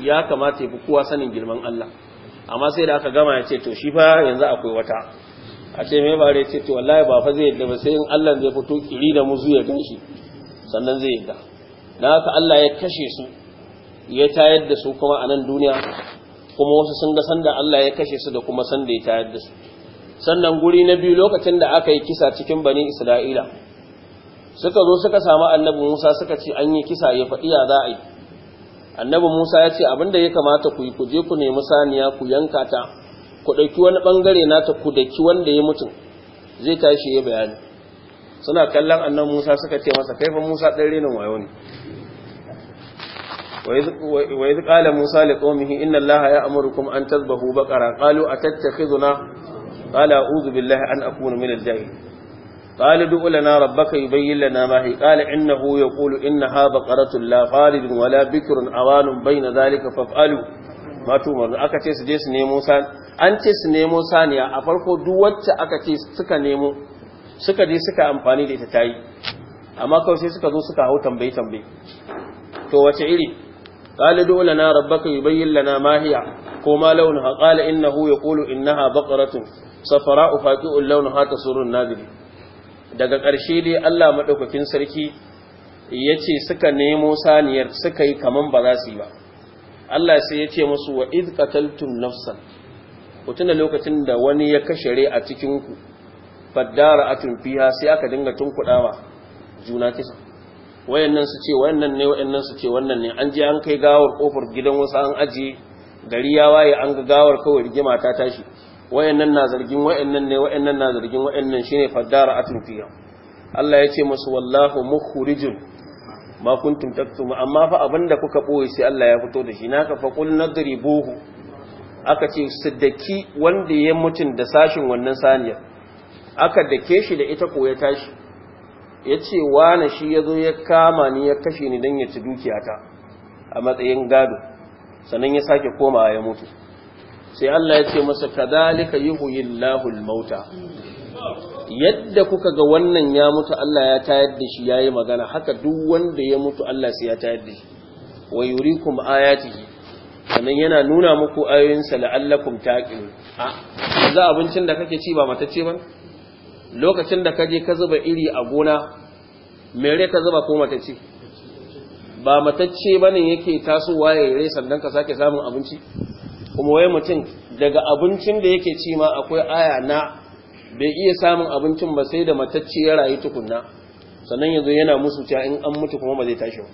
ya kamata ya fi kowa sanin girman Allah amma sai da aka gama ya ce to shi fa yanzu akwai wata a ce mai bare ce to wallahi ba fa zai yadda ba sai in Allah zai fito kiri da muzu ya shi sannan zai yadda Na haka Allah ya kashe su ya tayar da su kuma a nan duniya kuma wasu sun ga sanda Allah ya kashe su da kuma sanda ya tayar da su sannan guri na biyu lokacin da aka yi kisa cikin bani Isra'ila suka zo suka samu annabi Musa suka ce an yi kisa ya faɗi ya za a yi annabi Musa ya ce abinda ya kamata ku yi ku je ku nemi saniya ku yanka ta ku ɗauki wani ɓangare ta ku daki wanda ya mutum zai tashi ya bayani suna kallon annabi Musa suka ce masa kai fa Musa ɗan renin wayo ne wa idh qala Musa liqaumihi inna Allaha ya'murukum an tadhbahu baqara qalu atattakhizuna qala a'udhu billahi an akuna minal jahilin قال دع لنا ربك يبين لنا ما هي قال إنه يقول إنها بقرة لا خالد ولا بكر عوان بين ذلك فافعلوا ما تؤمر aka ce su je su nemo san an ce su nemo saniya a farko duk wacce aka ce suka nemo suka je suka amfani da ita tayi amma kawai sai suka zo suka hau tambaye tambaye to wace iri قال دع لنا ربك يبين لنا ما هي كما لونها قال إنه يقول إنها بقرة صفراء فاكئ لونها تسر الناظرين daga ƙarshe dai Allah maɗaukakin sarki ya ce suka nemo saniyar suka yi kaman ba za su yi ba Allah sai ya ce masu wa iz qataltum nafsan ku tuna lokacin da wani ya kashe a cikinku faddara faddara tun fiha sai aka dinga tunkudawa juna kisa wayannan su ce wayannan ne wayannan su ce wannan ne an je an kai gawar kofar gidan wasu an aje gari ya waye an ga gawar kawai rigima ta tashi wayannan na zargin wayannan ne wayannan na zargin wayannan shine faddara fiya. Allah ya ce musu wallahu mukhrijun ma kuntum taktum amma fa abinda kuka boye sai Allah ya fito da shi naka fa qul nadribuhu aka ce siddaki wanda ya mutun da sashin wannan saniyar aka dake shi da ita ko ya tashi yace wani shi yazo ya kama ni ya kashe ni dan ya ci dukiyata a matsayin gado sannan ya sake komawa ya mutu sai Allah ya ce masa yi yuhyillahu al-mauta yadda kuka ga wannan ya mutu Allah ya tayar da shi yayi magana haka duk wanda ya mutu Allah sai ya tayar da shi wa yurikum ayatihi sannan yana nuna muku ayoyinsa la'allakum taqilun a za abincin da kake ci ba matacce ba lokacin da kaje ka zuba iri a gona mere ka zuba ko matacce ba matacce bane yake tasowa ya rai sannan ka sake samun abinci kuma wai mutum daga abincin da yake ci ma akwai aya na bai iya samun abincin ba sai da matacci ya rayu tukunna sannan yanzu yana musu cewa in an mutu kuma ba zai tashi ba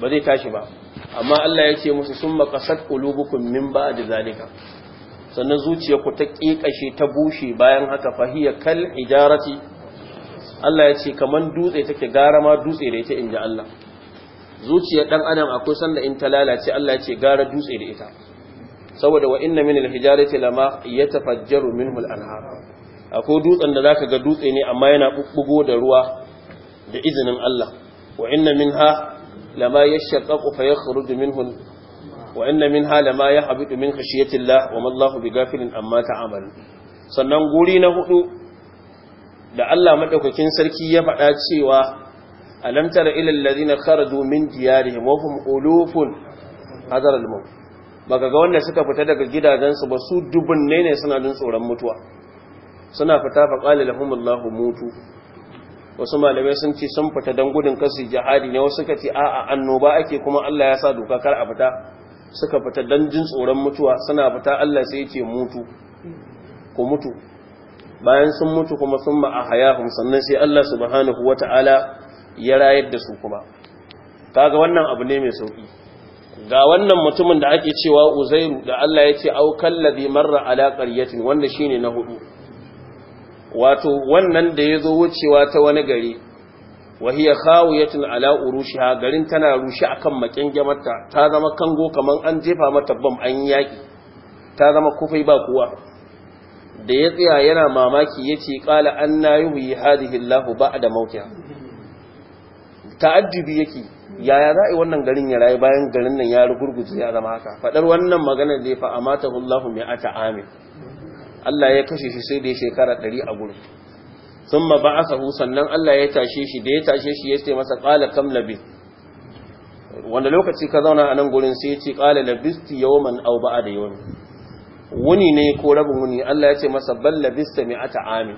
ba zai tashi ba amma Allah ya ce musu sun makasat qulubukum min ba'd zalika sannan zuciya ku ta kikashe ta bushe bayan haka fahiya kal ijarati Allah ya ce kaman dutse take gara ma dutse da ita inda Allah Zuciya dan adam akwai sanda in ta lalace Allah ya ce gara dutse da ita saboda wa'inna inna min alhijarati lama yatafajjaru minhu al akwai dutsen da zaka ga dutse ne amma yana bubbugo da ruwa da izinin Allah Wa'inna minha lama yashaqqaqu fayakhruju minhu Wa'inna minha lama yahbitu min khashyati Allah wa ma Allahu bighafilin amma ta'amalu sannan guri na hudu da Allah madaukakin sarki ya faɗa cewa alam tara ilal ladina kharaju min diyarihim wa hum ulufun hadar al-maut ba ga wanda suka fita daga gidajensu ba su dubunne ne suna jin tsoron mutuwa suna fita fa qala lahumullahu mutu wasu malamai sun ce sun fita don gudun kasu jihadi ne wasu suka ce a'a annoba ake kuma Allah ya sa doka kar a fita suka fita don jin tsoron mutuwa suna fita Allah sai ce mutu ku mutu bayan sun mutu kuma sun ma ahayahum sannan sai Allah subhanahu Ta'ala ya rayar da su kuma kaga wannan abu ne mai sauki ga wannan mutumin da ake cewa uzairu da Allah ya ce aukan ladhi marra ala qaryatin wanda shine na hudu wato wannan da ya zo wucewa ta wani gari wahiya khawiyatun ala urushiha garin tana rushe akan makin gamarta ta zama kango kaman an jefa mata bam an yaki ta zama kufai ba kuwa da ya tsaya yana mamaki yace qala anna yuhyi hadhihi Allahu ba'da mautiha ta'ajjubi yake yaya za a yi wannan garin ya rayu bayan garin nan ya rugurguje ya zama haka faɗar wannan maganar da ya fa mata hullahu mai ata amin Allah ya kashe shi sai da ya shekara ɗari a gudu sun ma sahu sannan Allah ya tashe shi da ya tashe shi ya ce masa ƙala kam labi wanda lokaci ka zauna a nan gurin sai ya ce ƙala labisti yawman au a da yawmi wuni ne ko rabin wuni Allah ya ce masa bal labista mai ata amin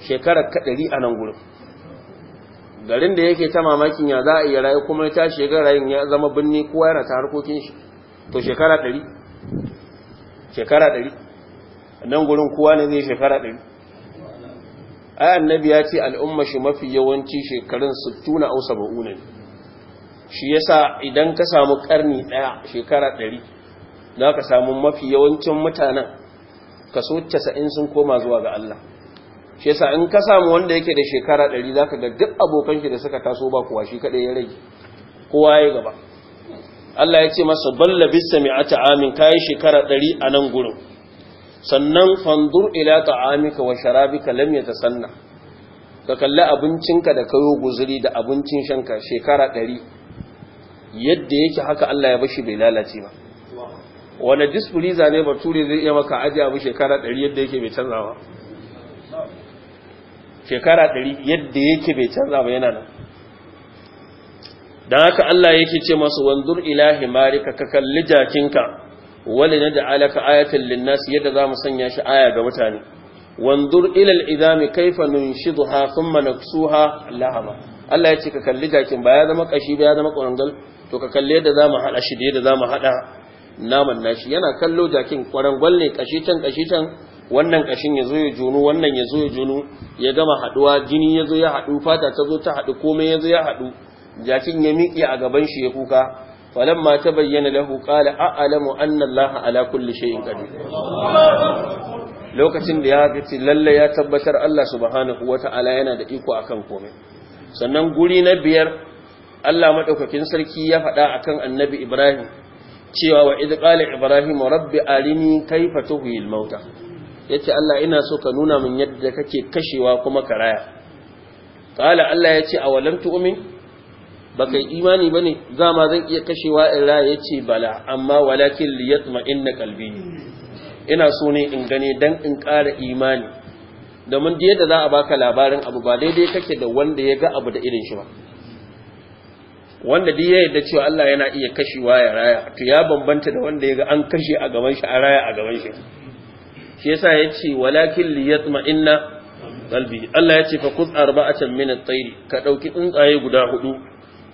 shekarar ka ɗari a nan gurin garin da yake ta mamakin ya za a iya rayu kuma ya tashi ga ya zama binni kowa yana ta harkokin shi to shekara 100 shekara 100 nan gurin kowa ne zai shekara 100 ai annabi ya ce al'umma shi mafi yawanci shekarun 60 au 70 ne shi yasa idan ka samu karni daya shekara 100 za ka samu mafi yawancin mutanen kaso 90 sun koma zuwa ga Allah shi yasa in ka samu wanda yake da shekara ɗari zaka ga duk abokan shi da suka taso ba kuwa shi kadai ya rage kowa ya gaba Allah ya ce masa balla bisa mi'ata amin kayi shekara ɗari a nan gurin sannan fandur ila ta'amika wa sharabika lam yatasanna ka kalli abincinka da kayo guzuri da abincin shanka shekara ɗari yadda yake haka Allah ya bashi bai lalace ba Wani disfuriza ne bature zai iya maka ajiya abu shekara ɗari yadda yake bai canza ba shekara ɗari yadda yake bai canza ba yana nan don haka Allah yake ce masu wanzur ilahi marika ka kalli jakinka wali na ja'alaka ayatin linnasi yadda za mu sanya shi aya ga mutane wanzur ilal idami kaifa nunshiduha thumma naksuha lahama Allah ya ce ka kalli jakin ba ya zama kashi ba ya zama ƙwarangal to ka kalli yadda za mu haɗa shi da yadda za mu haɗa naman nashi yana kallo jakin kwarangwal ne kashi can kashi can wannan kashin yazo zo ya junu wannan ya ya junu ya gama haduwa jini ya zo ya hadu fata ta zo ta hadu komai yazo zo ya hadu jakin ya miƙe a gaban shi ya kuka falamma tabayyana bayyana lahu qala a'lamu anna allaha ala kulli shay'in qadir lokacin da ya gaci lalle ya tabbatar Allah subhanahu wata'ala yana da iko akan komai sannan guri na biyar Allah madaukakin sarki ya faɗa akan annabi Ibrahim cewa wa idh qala ibrahim rabbi arini kayfa tuhyil mauta yace Allah ina so ka nuna min yadda kake kashewa kuma ka raya ce Allah yace tu'umin ba baka imani ba ne? Za ma zan iya kashewa in raya ce bala amma walakin na inna kalbi ina so ne in gane dan in ƙara imani domin da yadda za a baka labarin abu ba daidai kake da wanda ya ga abu da irin shi ba wanda duk ya yarda cewa Allah yana iya kashewa ya raya to ya bambanta da wanda ya ga an kashe a gaban shi a raya a gaban shi shi yasa ce walakin inna qalbi Allah yace fa kuz arba'atan min at-tayr ka dauki tsuntsaye guda hudu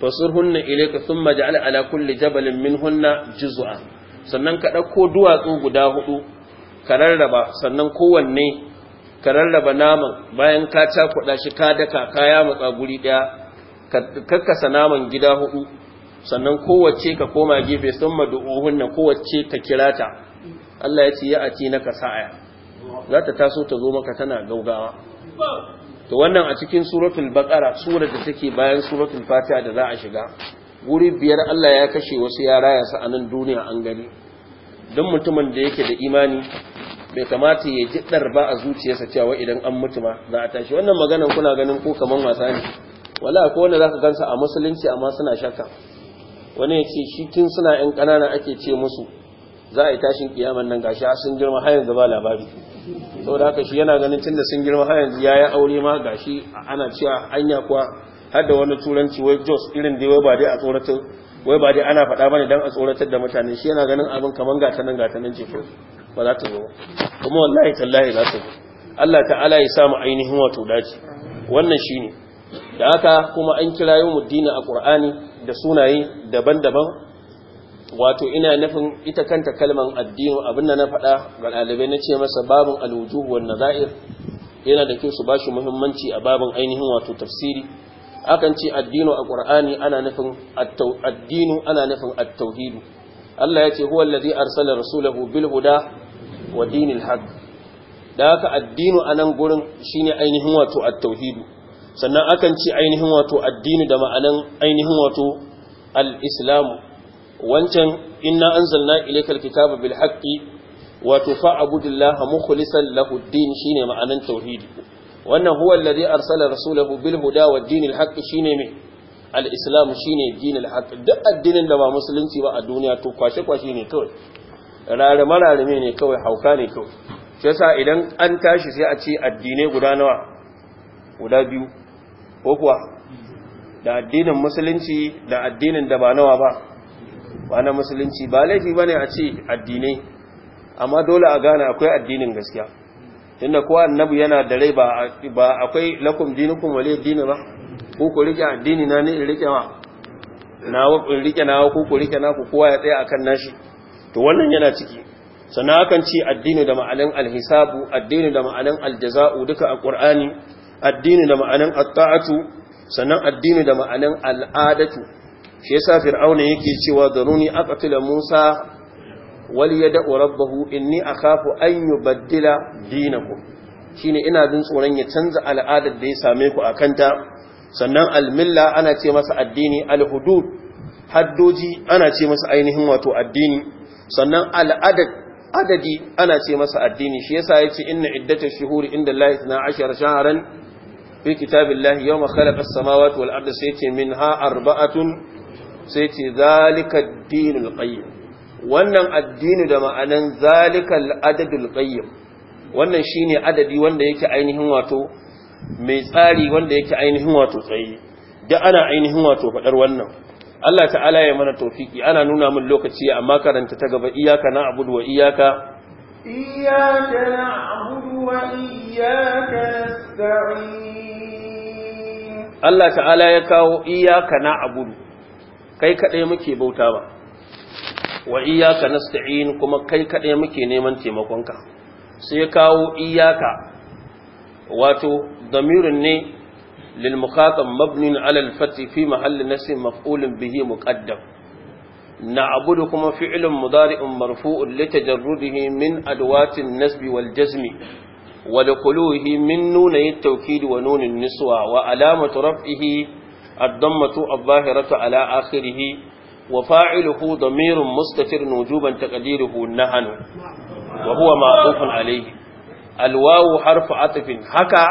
fasurhunna ilayka thumma ja'al ala kulli jabalin minhunna juz'an sannan ka dauko duwatsu guda hudu ka rarraba sannan kowanne ka rarraba naman bayan ka cakuɗa shi ka daka ka yamu guri daya ka kakkasa naman gida hudu sannan kowace ka koma gefe sun madu'uhunna kowace ka kirata Allah ya ce ya ati naka sa'aya za ta taso ta zo maka tana gaugawa to wannan a cikin suratul baqara surar da take bayan suratul fatiha da za a shiga guri biyar Allah ya kashe wasu yara ya sa a duniya an gani don mutumin da yake da imani bai kamata ya ji ba a zuciyarsa cewa idan an mutu ba za a tashi wannan maganan kuna ganin ko kaman wasa ne wala ko wanda zaka gansa a musulunci amma suna shakka wani ya ce shi tun suna yan ƙanana ake ce musu za a yi tashin kiyaman nan gashi sun girma hayan zaba labari. labari da haka shi yana ganin tun da sun girma hayan ya yi aure ma gashi ana cewa anya kuwa har da wani turanci wai Jos irin da wai ba dai a tsoratar wai ba dai ana faɗa bane dan a tsoratar da mutane shi yana ganin abin kaman gata nan gata nan ce ba za ta zo kuma wallahi tallahi za ta zo Allah ta'ala ya samu ainihin wato dace wannan shine da haka kuma an kira yawmuddin a Qur'ani da sunaye daban-daban wato ina nufin ita kanta kalman addini abin da na faɗa ga ɗalibai na ce masa babin alwujuhu wan nazair yana da kyau su bashi muhimmanci a babin ainihin wato tafsiri akan ce addinu a qur'ani ana nufin addinu ana nufin at-tauhid Allah ya ce huwa allazi arsala rasulahu bil huda wa dinil haqq da haka addinu anan gurin shine ainihin wato at-tauhid sannan akan ce ainihin wato addinu da ma'anan ainihin wato al-islamu wancan inna anzalna ilaykal kitaba bil haqqi wato fa'budillaha mukhlishan lahu din shine ma'anan tauhidi wannan huwa alladhi arsala rasulahu bil huda wad dinil haqqi shine me al islam shine dinil haqq duk addinin da ba musulunci ba a duniya to kwashe kwashe ne kawai rarame rarame ne kawai hauka ne kawai shi yasa idan an tashi sai a ce addinai guda nawa guda biyu ko kuwa da addinin musulunci da addinin da ba nawa ba ba musulunci ba laifi ba ne a ce addinai amma dole a gane akwai addinin gaskiya tunda kowa annabi yana da rai ba akwai lakum kuma wali dini ba ko ku rike addini na ne in rike ma wa in rike nawa ko ku rike naku kowa ya tsaya akan nashi to wannan yana ciki sannan akan ce addini da ma'anan alhisabu addini da ma'anan aljaza'u duka a qur'ani addini da ma'anan at-ta'atu sannan addini da ma'anan al'adatu shi yasa fir'auna yake cewa daruni aqtila musa wal yad'u rabbahu inni akhafu an yubaddila dinakum shine ina jin tsoron ya canza al'adar da ya same ku a kanta, sannan almilla ana ce masa addini alhudud haddoji ana ce masa ainihin wato addini sannan al'adad adadi ana ce masa addini shi yasa yace inna iddatash shuhuri inda Allah 12 shahran fi kitabillahi yawma khalaqa as-samawati wal arda sayati minha arba'atun sai ce zalika dinul qayyim wannan addini da ma'anan zalikal adadul qayyim wannan shine adadi wanda yake ainihin wato mai tsari wanda yake ainihin wato tsayi da ana ainihin wato fadar wannan Allah ta'ala ya mana tawfiki ana nuna min lokaci amma karanta ta gaba iyyaka na'budu wa iyyaka iyyaka na'budu wa iyyaka nasta'in Allah ta'ala ya kawo iyyaka na'budu kai kaɗai muke bauta ba wa iyaka nasta'in kuma kai kaɗai muke neman taimakonka sai ya kawo iyaka wato damirin ne lil muqatam mabnin ala al fati fi mahall nasb maf'ul bihi muqaddam na'budu kuma fi'lun mudari'un marfu'un li tajarrudihi min adwatin nasbi wal jazmi wa li min nunayi at-tawkid wa nunin niswa wa alamatu raf'ihi الضمة الظاهرة على آخره وفاعله ضمير مستتر وجوبا تقديره النهن وهو معطوف عليه الواو حرف عطف حكى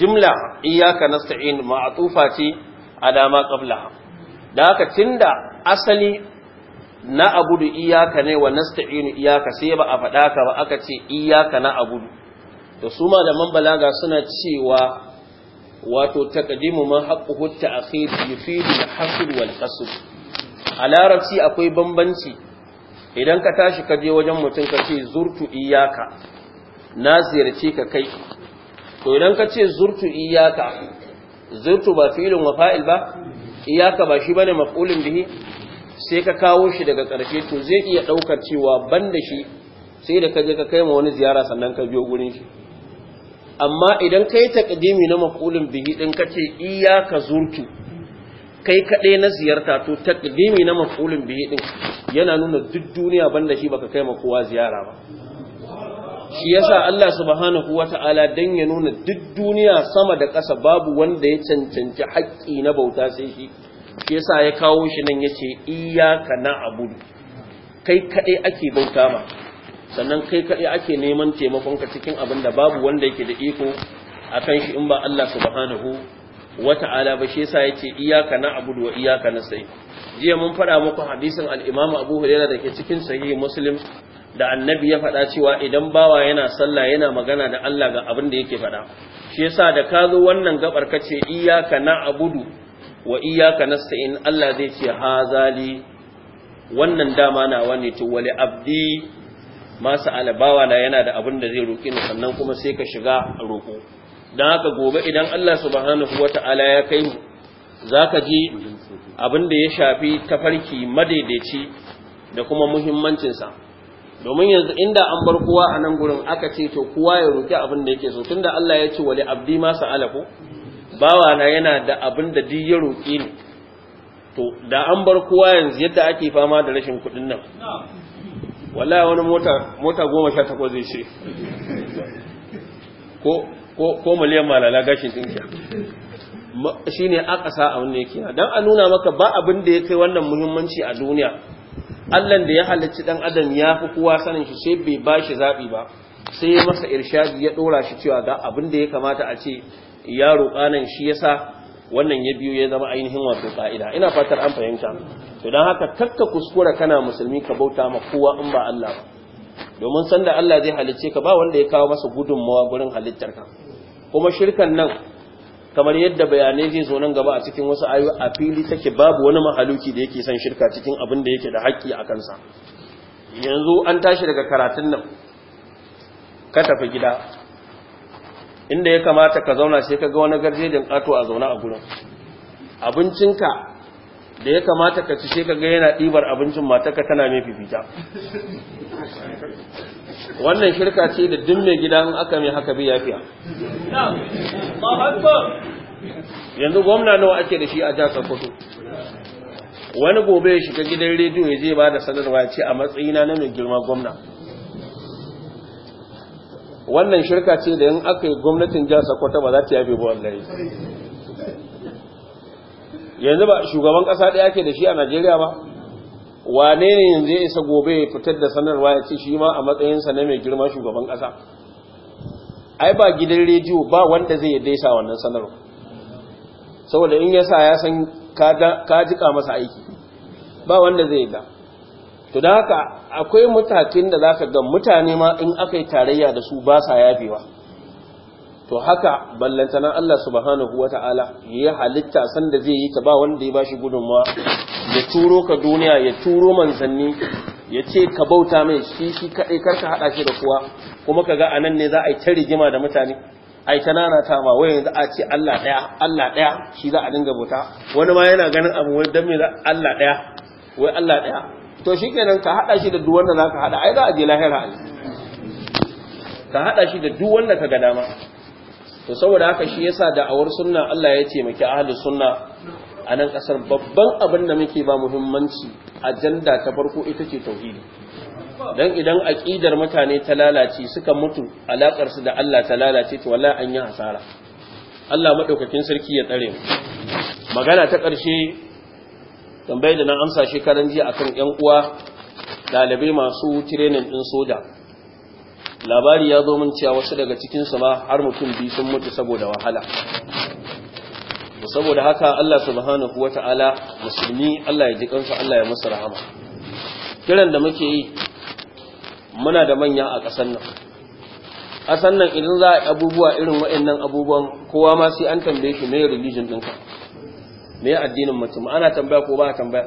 جملة إياك نستعين معطوفة على ما قبلها ذاك تند أصلي na abudu iyaka ne wa nasta'inu iyaka sai ba a faɗa ka ba aka ce iyaka na abudu da su malaman balaga suna cewa wato taqdimu man haqquhu at-ta'khir yufidu al-hasl wal qasr a larabci akwai bambanci idan ka tashi ka je wajen mutum ka ce zurtu iyaka na ziyarci ka kai to idan ka ce zurtu iyaka zurtu ba fi'ilun wa fa'il ba iyaka ba shi bane maf'ulun bihi sai ka kawo shi daga karshe to zai iya ɗaukar cewa ban shi sai da ka je ka kai ma wani ziyara sannan ka biyo gurin shi amma idan kai taƙadimi na maqulun bihi din kace iyyaka zurtu kai kaɗai na ziyarta to taqdimi na maqulun bihi din yana nuna duk duniya banda shi baka kai ma kowa ziyara ba shi yasa Allah subhanahu wata'ala dan ya nuna duk duniya sama da ƙasa babu wanda ya cancanci haƙƙi na bauta sai shi shi yasa ya kawo shi nan yace na abu. kai kaɗai ake bauta ma sannan kai kaɗai ake neman taimakonka cikin abin da babu wanda yake da iko a kan shi in ba Allah subhanahu wa ta'ala ba shi yasa yace iyyaka na'budu wa iyyaka nasta'in jiya mun faɗa muku hadisin al-Imam Abu Hurairah dake cikin sahihi Muslim da annabi ya faɗa cewa idan bawa yana sallah yana magana da Allah ga abin da yake faɗa shi yasa da ka zo wannan gabar ka ce iyyaka na'budu wa iyyaka nasta'in Allah zai ce hazali wannan dama na wani to wali abdi masu alabawa na yana da abin da zai roƙi ni sannan kuma sai ka shiga roƙo. Don haka gobe idan Allah subhanahu wataala ya kai mu ka ji abin da ya shafi tafarki madaidaici da kuma muhimmancinsa. domin yanzu inda an bar kowa a nan gurin aka ce to kowa ya roƙi abin da yake so tun da Allah ya ce wali abdi masu sa'ala bawa na yana da abin da duk ya roƙi ni to da an bar kowa yanzu yadda ake fama da rashin kuɗin nan wallahi wani mota mota goma sha takwas zai ce ko ko ko miliyan malala gashin dinka shi ne a a wannan yake don a nuna maka ba abin da ya kai wannan muhimmanci a duniya allan da ya halarci dan adam ya fi kowa sanin shi sai bai bashi shi zaɓi ba sai masa irshadi ya ɗora shi cewa ga abin da ya kamata a ce yaro ƙanan shi yasa wannan ya biyo ya zama ainihin wato ka'ida ina fatar an fahimta to dan haka kakka kuskura kana musulmi ka bauta ma kowa in ba Allah ba domin da Allah zai halicce ka ba wanda ya kawo masa gudunmawa gurin halittar ka kuma shirkan nan kamar yadda bayanai zai zo nan gaba a cikin wasu ayo a fili take babu wani mahaluki da yake son shirka cikin abin da yake da haƙƙi a kansa yanzu an tashi daga karatun nan ka tafi gida inda ya kamata ka zauna sai ka ga wani garjejin ƙato a zauna a gurin abincinka da ya kamata ka ci sai ka ga yana ɗibar abincin matarka tana mai fifita wannan shirka ce da duk mai gidan aka mai haka bi yafiya yanzu gwamna nawa ake da shi a jasa kudu wani gobe ya shiga gidan rediyo ya je ba da sanarwa ya ce a matsayina na mai girma gwamna wannan shirka ce da yin aka yi gwamnatin jihar Sokoto ba za ta yafe ba wallahi yanzu ba shugaban kasa ɗaya ke da shi a Najeriya ba wane ne yanzu ya isa gobe ya fitar da sanarwa ya ce shi ma a matsayinsa na mai girma shugaban kasa ai ba gidan rediyo ba wanda zai yadda sa wannan sanarwa saboda in yasa ya san ka jika masa aiki ba wanda zai yadda to da haka akwai mutakin da za ka ga mutane ma in aka yi tarayya da su ba sa yafewa to haka ballantana Allah subhanahu Ta'ala ya halitta sanda zai yi ta ba wanda ya bashi gudunmawa ya turo ka duniya ya turo manzanni ya ce ka bauta mai shi shi kaɗai kar ka haɗa shi da kowa kuma ka ga a nan ne za a yi ta rigima da mutane ai ta nana ta ma wai yanzu a ce Allah ɗaya Allah ɗaya shi za a dinga bauta wani ma yana ganin abu wani dan me za Allah ɗaya wai Allah ɗaya to shi kenan ka haɗa shi da duk wanda za ka haɗa ai za a je lahira a ka haɗa shi da duk wanda ka ga dama to saboda haka shi yasa da awar sunna Allah ya ce miki ahli sunna a nan ƙasar babban abin da muke ba muhimmanci ajanda ta farko ita ce tauhidi dan idan aƙidar mutane ta lalace suka mutu alaƙarsu su da Allah ta lalace to wallahi an yi hasara Allah madaukakin sarki ya tsare magana ta ƙarshe tambayar da na amsa shekaran jiya kan yan uwa dalibai masu tirenin ɗin soja labari ya zo mun cewa wasu daga cikin su ma har mutum biyu sun mutu saboda wahala saboda haka Allah subhanahu wata'ala musulmi Allah ya ji kansu Allah ya masa rahama kiran da muke yi muna da manya a ƙasar nan ƙasar nan idan za a abubuwa irin waɗannan abubuwan kowa ma sai an tambaye shi mai religion ɗinka me addinin mutum ana tambaya ko ba tambaya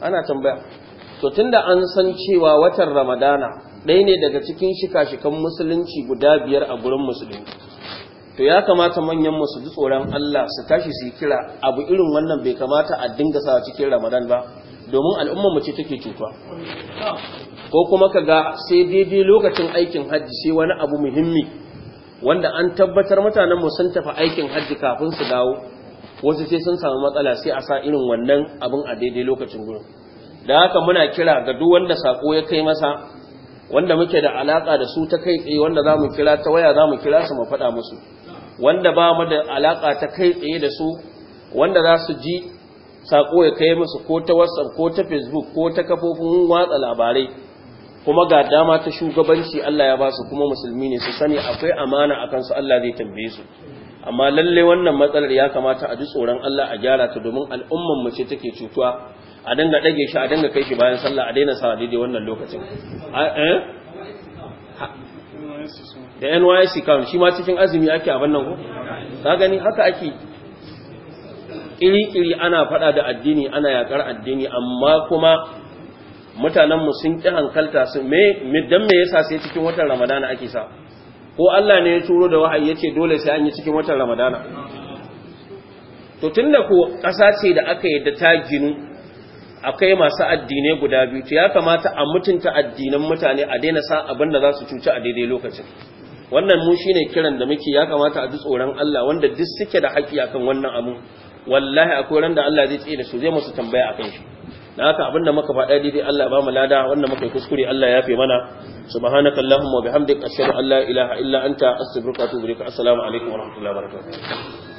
ana tambaya to tunda an san cewa watan ramadana ɗaya ne daga cikin shika-shikan musulunci guda biyar a gurin musulmi to ya kamata manyan mu ji tsoron Allah su tashi su yi kira abu irin wannan bai kamata a dinga sa cikin ramadan ba domin al'ummar mu ce take cutuwa ko kuma ka ga sai daidai lokacin aikin hajji sai wani abu muhimmi wanda an tabbatar mutanen mu sun tafi aikin hajji kafin su dawo wasu sai sun samu matsala sai a sa irin wannan abin a daidai lokacin gurin da haka muna kira ga duk wanda sako ya kai masa wanda muke da alaka da su ta kai tsaye wanda za mu kira ta waya za mu kira su mu faɗa musu wanda ba mu da alaka ta kai tsaye da su wanda za su ji sako ya kai musu ko ta whatsapp ko ta facebook ko ta kafofin watsa labarai kuma ga dama ta shugabanci Allah ya ba su kuma musulmi ne su sani akwai amana a kansu Allah zai tambaye su amma lalle wannan matsalar ya kamata a ji tsoron Allah a gyara ta domin al'umman mu ce take cutuwa a dinga dage shi a dinga kai shi bayan sallah a daina sa daidai wannan lokacin eh? da NYC kawai shi ma cikin azumi ake a wannan ko ka gani haka ake kiri-kiri ana fada da addini ana yakar addini amma kuma mutanenmu sun ƙi hankalta su me dan me yasa sai cikin watan ramadana ake sa ko Allah ne ya turo da wahayi yace dole sai an yi cikin watan Ramadana to tunda ko kasa ce da aka yadda ta ginu akai masu addinai guda biyu to ya kamata a mutunta addinan mutane a daina sa abin da za su cuci a daidai lokacin wannan mu shine kiran da muke ya kamata a ji tsoron Allah wanda duk suke da haƙi akan wannan abu wallahi akwai ran da Allah zai tsaye da su zai musu tambaya akan shi da haka abinda muka faɗa daidai Allah ba mu lada wanda muka yi kuskure Allah ya fi mana subhanaka allahumma wa bihamdika ashhadu an la ilaha illa anta astaghfiruka wa atubu ilaik assalamu alaikum wa rahmatullahi wa barakatuh